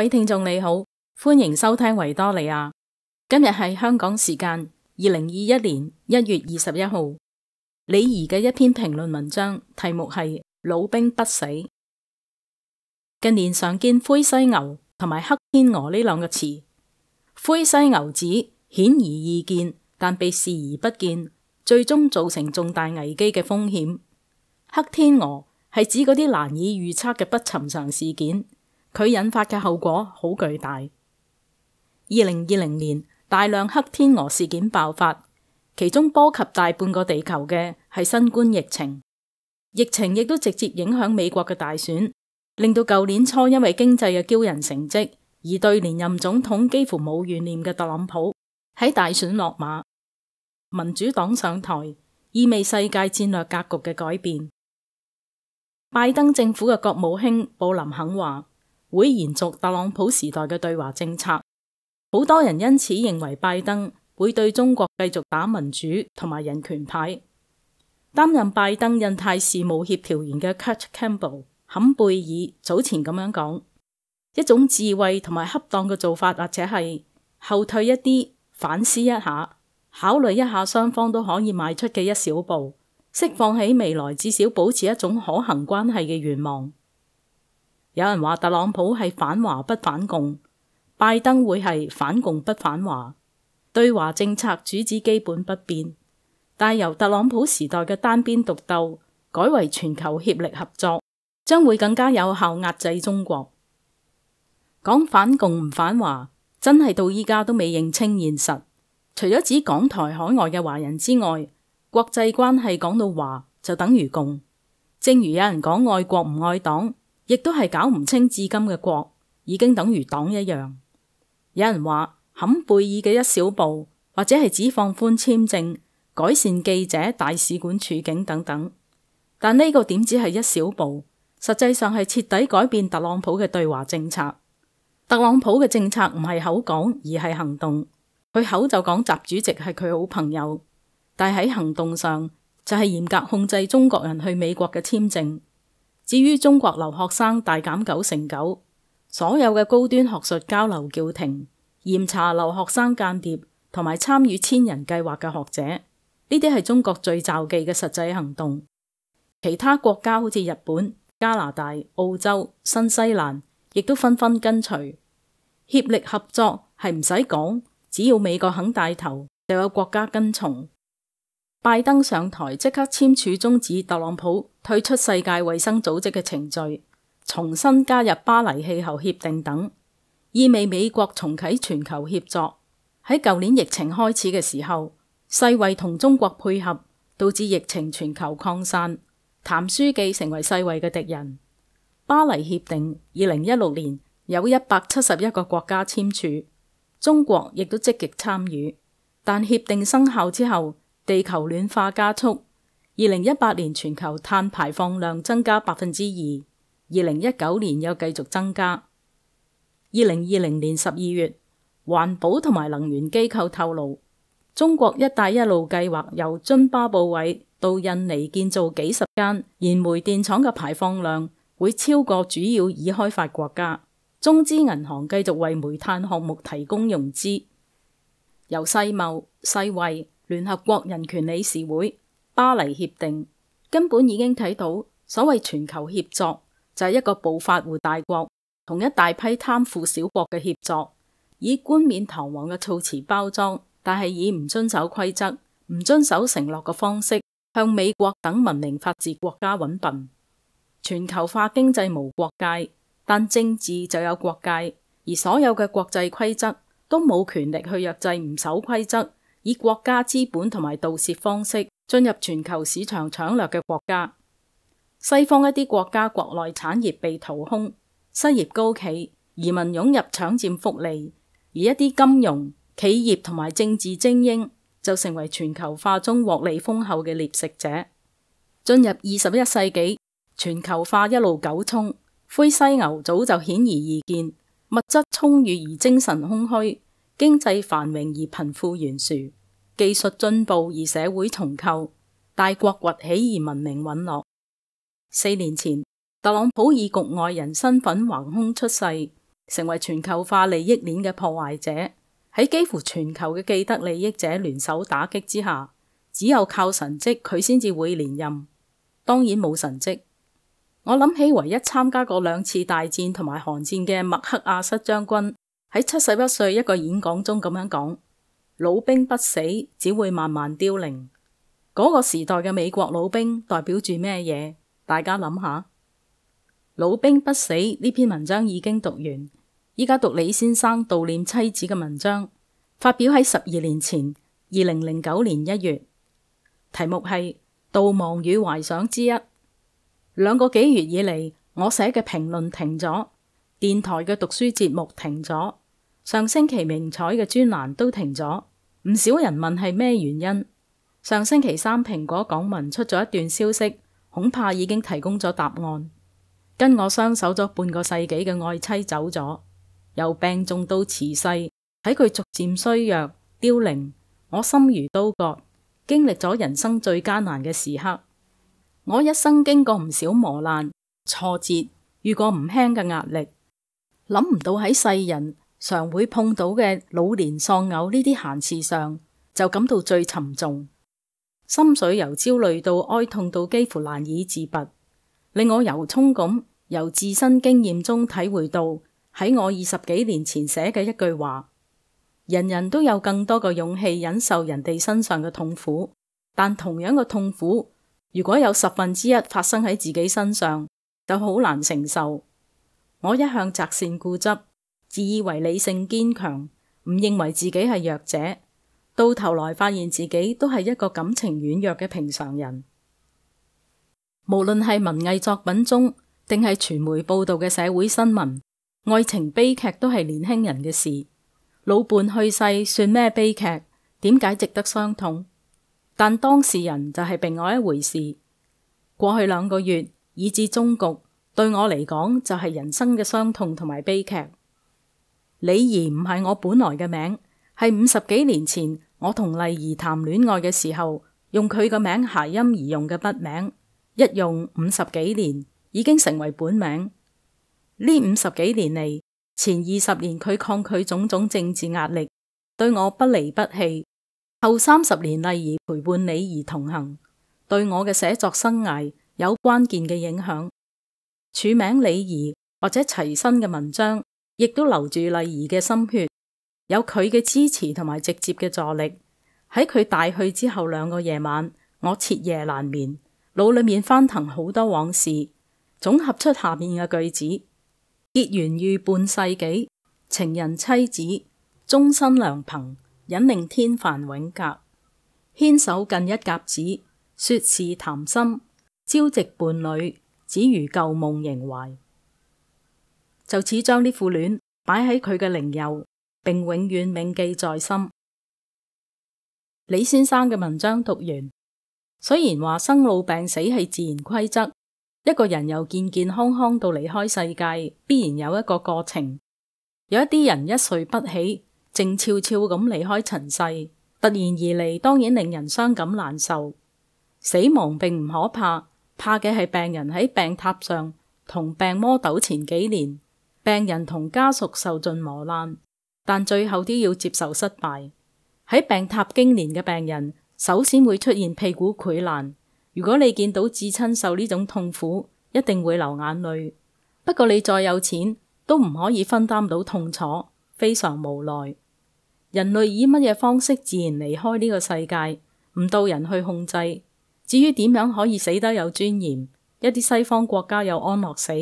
各位聽眾你好，歡迎收聽維多利亞。今日係香港時間二零二一年一月二十一號。李怡嘅一篇評論文章，題目係《老兵不死》。近年常見灰犀牛同埋黑天鵝呢兩個詞。灰犀牛指顯而易見但被視而不見，最終造成重大危機嘅風險。黑天鵝係指嗰啲難以預測嘅不尋常事件。佢引發嘅後果好巨大。二零二零年大量黑天鵝事件爆發，其中波及大半個地球嘅係新冠疫情。疫情亦都直接影響美國嘅大選，令到舊年初因為經濟嘅驕人成績而對連任總統幾乎冇懸念嘅特朗普喺大選落馬，民主黨上台，意味世界戰略格局嘅改變。拜登政府嘅國務卿布林肯話。會延續特朗普時代嘅對華政策，好多人因此認為拜登會對中國繼續打民主同埋人權牌。擔任拜登印太事務協調員嘅 Kurt Campbell 坎貝爾早前咁樣講：一種智慧同埋恰當嘅做法，或者係後退一啲，反思一下，考慮一下雙方都可以邁出嘅一小步，釋放起未來至少保持一種可行關係嘅願望。有人話特朗普係反華不反共，拜登會係反共不反華，對華政策主旨基本不變，但由特朗普時代嘅單邊獨鬥改為全球協力合作，將會更加有效壓制中國。講反共唔反華，真係到依家都未認清現實。除咗指港台海外嘅華人之外，國際關係講到華就等於共，正如有人講愛國唔愛黨。亦都係搞唔清，至今嘅國已經等於黨一樣。有人話坎貝爾嘅一小步，或者係指放寬簽證、改善記者大使館處境等等，但呢個點止係一小步，實際上係徹底改變特朗普嘅對華政策。特朗普嘅政策唔係口講，而係行動。佢口就講習主席係佢好朋友，但喺行動上就係、是、嚴格控制中國人去美國嘅簽證。至於中國留學生大減九成九，所有嘅高端學術交流叫停，嚴查留學生間諜同埋參與千人計劃嘅學者，呢啲係中國最招忌嘅實際行動。其他國家好似日本、加拿大、澳洲、新西蘭，亦都紛紛跟隨協力合作，係唔使講，只要美國肯帶頭，就有國家跟從。拜登上台即刻簽署終止特朗普退出世界衛生組織嘅程序，重新加入巴黎氣候協定等，意味美國重啓全球協作。喺舊年疫情開始嘅時候，世衛同中國配合，導致疫情全球擴散，譚書記成為世衛嘅敵人。巴黎協定二零一六年有一百七十一個國家簽署，中國亦都積極參與，但協定生效之後，地球暖化加速，二零一八年全球碳排放量增加百分之二，二零一九年又繼續增加。二零二零年十二月，環保同埋能源機構透露，中國“一帶一路”計劃由津巴布韋到印尼建造幾十間燃煤電廠嘅排放量會超過主要已開發國家。中資銀行繼續為煤炭項目提供融資，由世貿世衛。聯合國人權理事會、巴黎協定根本已經睇到，所謂全球協作就係一個暴發戶大國同一大批貪腐小國嘅協作，以冠冕堂皇嘅措辭包裝，但係以唔遵守規則、唔遵守承諾嘅方式，向美國等文明法治國家揾笨。全球化經濟無國界，但政治就有國界，而所有嘅國際規則都冇權力去約制唔守規則以國家資本同埋盜竊方式進入全球市場搶掠嘅國家，西方一啲國家國內產業被掏空，失業高企，移民湧入搶佔福利，而一啲金融企業同埋政治精英就成為全球化中獲利豐厚嘅獵食者。進入二十一世紀，全球化一路九沖，灰犀牛早就顯而易見，物質充裕而精神空虛。經濟繁榮而貧富懸殊，技術進步而社會重構，大國崛起而文明隕落。四年前，特朗普以局外人身份橫空出世，成為全球化利益鏈嘅破壞者。喺幾乎全球嘅既得利益者聯手打擊之下，只有靠神迹佢先至會連任。當然冇神迹。我諗起唯一參加過兩次大戰同埋韓戰嘅麥克阿瑟將軍。喺七十一歲一個演講中咁樣講：老兵不死，只會慢慢凋零。嗰個時代嘅美國老兵代表住咩嘢？大家諗下。老兵不死呢篇文章已經讀完，依家讀李先生悼念妻子嘅文章，發表喺十二年前，二零零九年一月，題目係《悼亡與懷想之一》。兩個幾月以嚟，我寫嘅評論停咗，電台嘅讀書節目停咗。上星期名采嘅專欄都停咗，唔少人問係咩原因。上星期三蘋果港聞出咗一段消息，恐怕已經提供咗答案。跟我相守咗半個世紀嘅愛妻走咗，由病重到辭世，喺佢逐漸衰弱凋零，我心如刀割，經歷咗人生最艱難嘅時刻，我一生經過唔少磨難挫折，遇過唔輕嘅壓力，諗唔到喺世人，常會碰到嘅老年喪偶呢啲閒事上，就感到最沉重，心水由焦慮到哀痛到幾乎難以自拔，令我由衷咁由自身經驗中體會到，喺我二十幾年前寫嘅一句話：人人都有更多嘅勇氣忍受人哋身上嘅痛苦，但同樣嘅痛苦，如果有十分之一發生喺自己身上，就好難承受。我一向擇善固執。自以為理性堅強，唔認為自己係弱者，到頭來發現自己都係一個感情軟弱嘅平常人。無論係文藝作品中，定係傳媒報道嘅社會新聞，愛情悲劇都係年輕人嘅事。老伴去世算咩悲劇？點解值得傷痛？但當事人就係另外一回事。過去兩個月，以至終局，對我嚟講，就係人生嘅傷痛同埋悲劇。李怡唔係我本來嘅名，係五十幾年前我同麗儀談戀愛嘅時候，用佢個名諧音而用嘅筆名，一用五十幾年已經成為本名。呢五十幾年嚟，前二十年佢抗拒種種政治壓力，對我不離不棄；後三十年麗儀陪伴李怡同行，對我嘅寫作生涯有關鍵嘅影響。署名李怡或者齊新嘅文章。亦都留住麗儀嘅心血，有佢嘅支持同埋直接嘅助力。喺佢大去之後兩個夜晚，我徹夜難眠，腦裏面翻騰好多往事，總合出下面嘅句子：結緣於半世紀，情人妻子，終身良朋，引令天凡永隔。牽手近一甲子，說是談心，朝夕伴侶，只如舊夢縈懷。就此將呢副戀擺喺佢嘅靈右，並永遠銘記在心。李先生嘅文章讀完，雖然話生老病死係自然規則，一個人由健健康康到離開世界，必然有一個過程。有一啲人一睡不起，靜悄悄咁離開塵世，突然而嚟，當然令人傷感難受。死亡並唔可怕，怕嘅係病人喺病榻上同病魔鬥前幾年。病人同家屬受盡磨難，但最後都要接受失敗。喺病榻經年嘅病人，首先會出現屁股潰爛。如果你見到至親受呢種痛苦，一定會流眼淚。不過你再有錢，都唔可以分擔到痛楚，非常無奈。人類以乜嘢方式自然離開呢個世界，唔到人去控制。至於點樣可以死得有尊嚴，一啲西方國家有安樂死。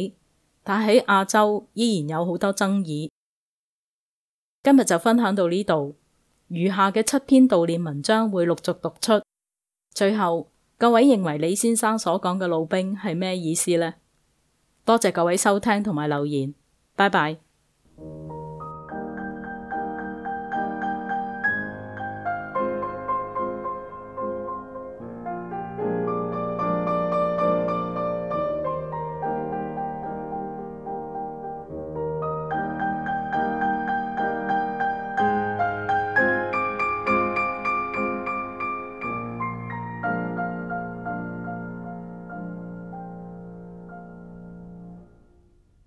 但喺亞洲依然有好多爭議。今日就分享到呢度，餘下嘅七篇悼念文章會陸續讀出。最後，各位認為李先生所講嘅老兵係咩意思呢？多謝各位收聽同埋留言，拜拜。